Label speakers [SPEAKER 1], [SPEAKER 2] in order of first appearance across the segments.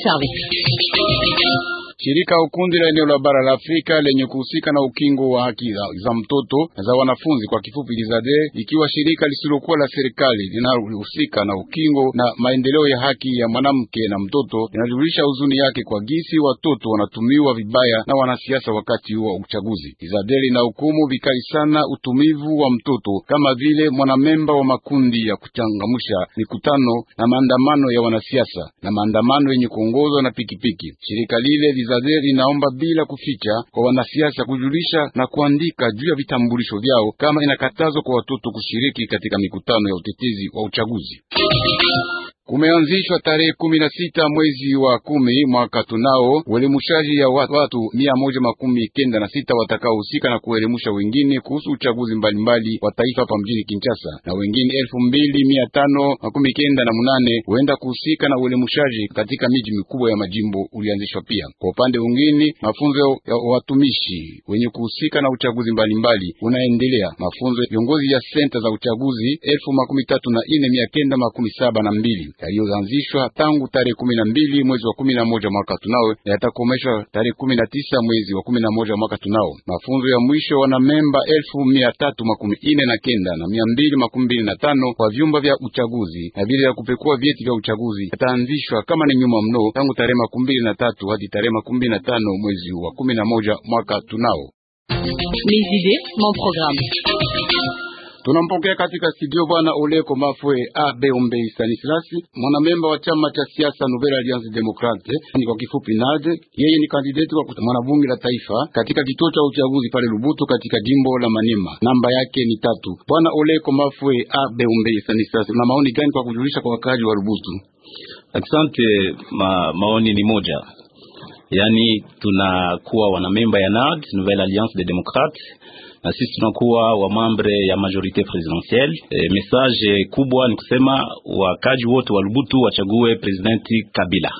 [SPEAKER 1] service. Shirika ukundi la eneo la bara la Afrika lenye kuhusika na ukingo wa haki za mtoto za wanafunzi kwa kifupi Lizade, ikiwa shirika lisilokuwa la serikali linalohusika na ukingo na maendeleo ya haki ya mwanamke na mtoto, linajulisha huzuni yake kwa gisi watoto wanatumiwa vibaya na wanasiasa wakati wa uchaguzi. Lizade lina hukumu vikali sana utumivu wa mtoto kama vile mwanamemba wa makundi ya kuchangamsha mikutano na maandamano ya wanasiasa na maandamano yenye kuongozwa na pikipiki. Shirika lile Ezader inaomba bila kuficha kwa wanasiasa kujulisha na kuandika juu ya vitambulisho vyao, kama inakatazwa kwa watoto kushiriki katika mikutano ya utetezi wa uchaguzi umeanzishwa tarehe kumi na sita mwezi wa kumi mwaka tunao uelimushaji ya watu mia moja makumi kenda na sita watakaohusika na kuelimusha wengine kuhusu uchaguzi mbalimbali wa taifa hapa mjini Kinshasa, na wengine elfu mbili mia tano makumi kenda na munane huenda kuhusika na uelimushaji katika miji mikubwa ya majimbo ulianzishwa pia. Kwa upande wengine mafunzo ya watumishi wenye kuhusika na uchaguzi mbalimbali unaendelea. Mafunzo viongozi ya senta za uchaguzi elfu makumi tatu na ine mia kenda makumi saba na mbili yaliyoanzishwa tangu tarehe kumi na mbili mwezi wa kumi na moja mwaka tunao na yatakomeshwa tarehe kumi na tisa mwezi wa kumi na moja mwaka tunao. Mafunzo ya mwisho wana memba elfu mia tatu makumi ine na kenda na mia mbili makumi mbili na tano kwa vyumba vya uchaguzi na vile ya kupekua vyeti vya uchaguzi yataanzishwa kama ni nyuma mno tangu tarehe makumi mbili na tatu hadi tarehe makumi mbili na tano mwezi wa kumi na moja mwaka tunao. Les idées, mon programme Tunampokea katika studio bwana Oleko Mafwe Abe Ombei Stanislasi, mwanamemba wa chama cha siasa Nouvelle Alliance Democrate, ni kwa kifupi NADE. Yeye ni kandidati wa mwanabunge la taifa katika kituo cha uchaguzi pale Lubutu katika jimbo la Manema, namba yake ni tatu. Bwana Oleko
[SPEAKER 2] Mafwe Abe Ombei Stanislasi, na maoni gani kwa kujulisha kwa wakaji wa Lubutu? Asante. Ma, maoni ni moja, yaani tunakuwa wanamemba ya NAD Nouvelle Alliance des Democrates na sisi tunakuwa wa mambre ya majorite presidentielle. E, message kubwa ni kusema wakaji wote wa Lubutu wachague presidenti Kabila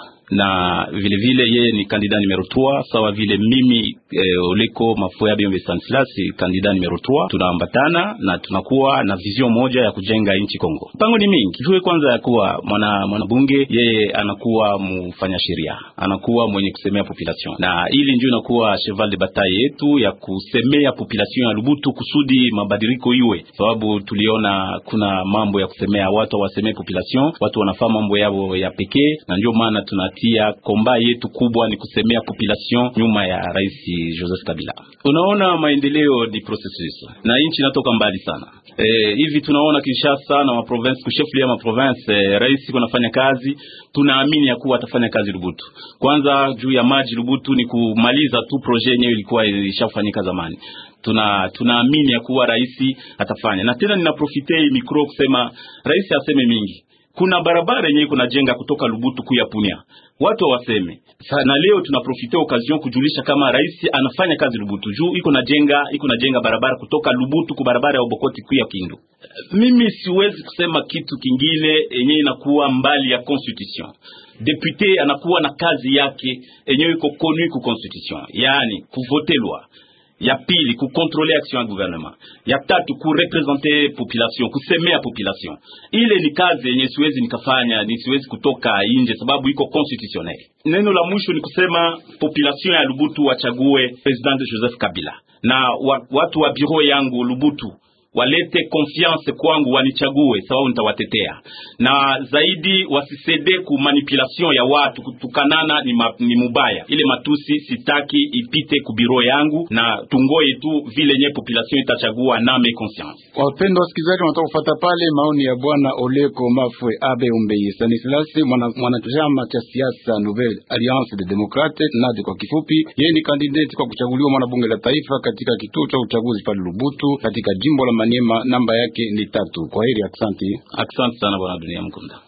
[SPEAKER 2] na vile vile yeye ni kandida numero 3 sawa vile mimi e, Oliko Mafuya Bembe Stanislas kandida numero 3. Tunaambatana na tunakuwa na vision moja ya kujenga nchi Kongo. Mpango ni mingi jue kwanza ya kuwa mwana mwanabunge, yeye anakuwa mfanya sheria, anakuwa mwenye kusemea population, na ili ndio inakuwa cheval de bataille yetu ya kusemea population ya Lubutu kusudi mabadiliko iwe, sababu tuliona kuna mambo ya kusemea watu, wasemee population, watu wanafaa mambo yao ya pekee, na ndio maana tuna kupitia komba yetu kubwa ni kusemea population nyuma ya Rais Joseph Kabila. Unaona, maendeleo ni processus na nchi inatoka mbali sana e, hivi. tunaona Kinshasa na maprovince kushefu ya maprovince e, rais kunafanya kazi, tunaamini ya kuwa atafanya kazi Lubutu. Kwanza juu ya maji Lubutu ni kumaliza tu projet yenyewe ilikuwa ilishafanyika zamani tuna tunaamini ya kuwa rais atafanya na tena, ninaprofite hii mikro kusema rais aseme mingi kuna barabara yenye iko najenga kutoka Lubutu kuya Punia, watu waseme sana. Leo tunaprofite occasion kujulisha kama rais anafanya kazi Lubutu juu iko najenga iko najenga barabara kutoka Lubutu ku barabara ya Obokoti kuya Kindu. Mimi siwezi kusema kitu kingine yenye inakuwa mbali ya constitution. Depute anakuwa na kazi yake yenye iko konu ku constitution, yani kuvotelwa ya pili kukontrole action ya gouvernement, ya tatu kurepresente population, kusemea population. Ile ni kazi yenye siwezi nikafanya, ni siwezi kutoka inje sababu iko constitutionnel. Neno la mwisho ni kusema population ya Lubutu wachague President Joseph Kabila na watu wa biro yangu Lubutu walete confiance kwangu, wanichague sababu nitawatetea, na zaidi wasisede ku manipulation ya watu. Kutukanana ni, ma, ni mubaya, ile matusi sitaki ipite ku biro yangu, na tungoe tu vile nye population itachagua me conscience.
[SPEAKER 1] Wapendwa wasikilizaji, wanataka kufuata pale maoni ya bwana Oleko Mafwe Abe Umbeyi Stanislas, mwanachama cha siasa Nouvelle Alliance des democrate NAD kwa kifupi. Yeye ni kandidati kwa kuchaguliwa mwanabunge la taifa katika kituo cha uchaguzi pale Lubutu katika jimbo la Maniema, namba yake ni tatu. Kwa heri, asante, asante sana bwana Dunia Mkunda.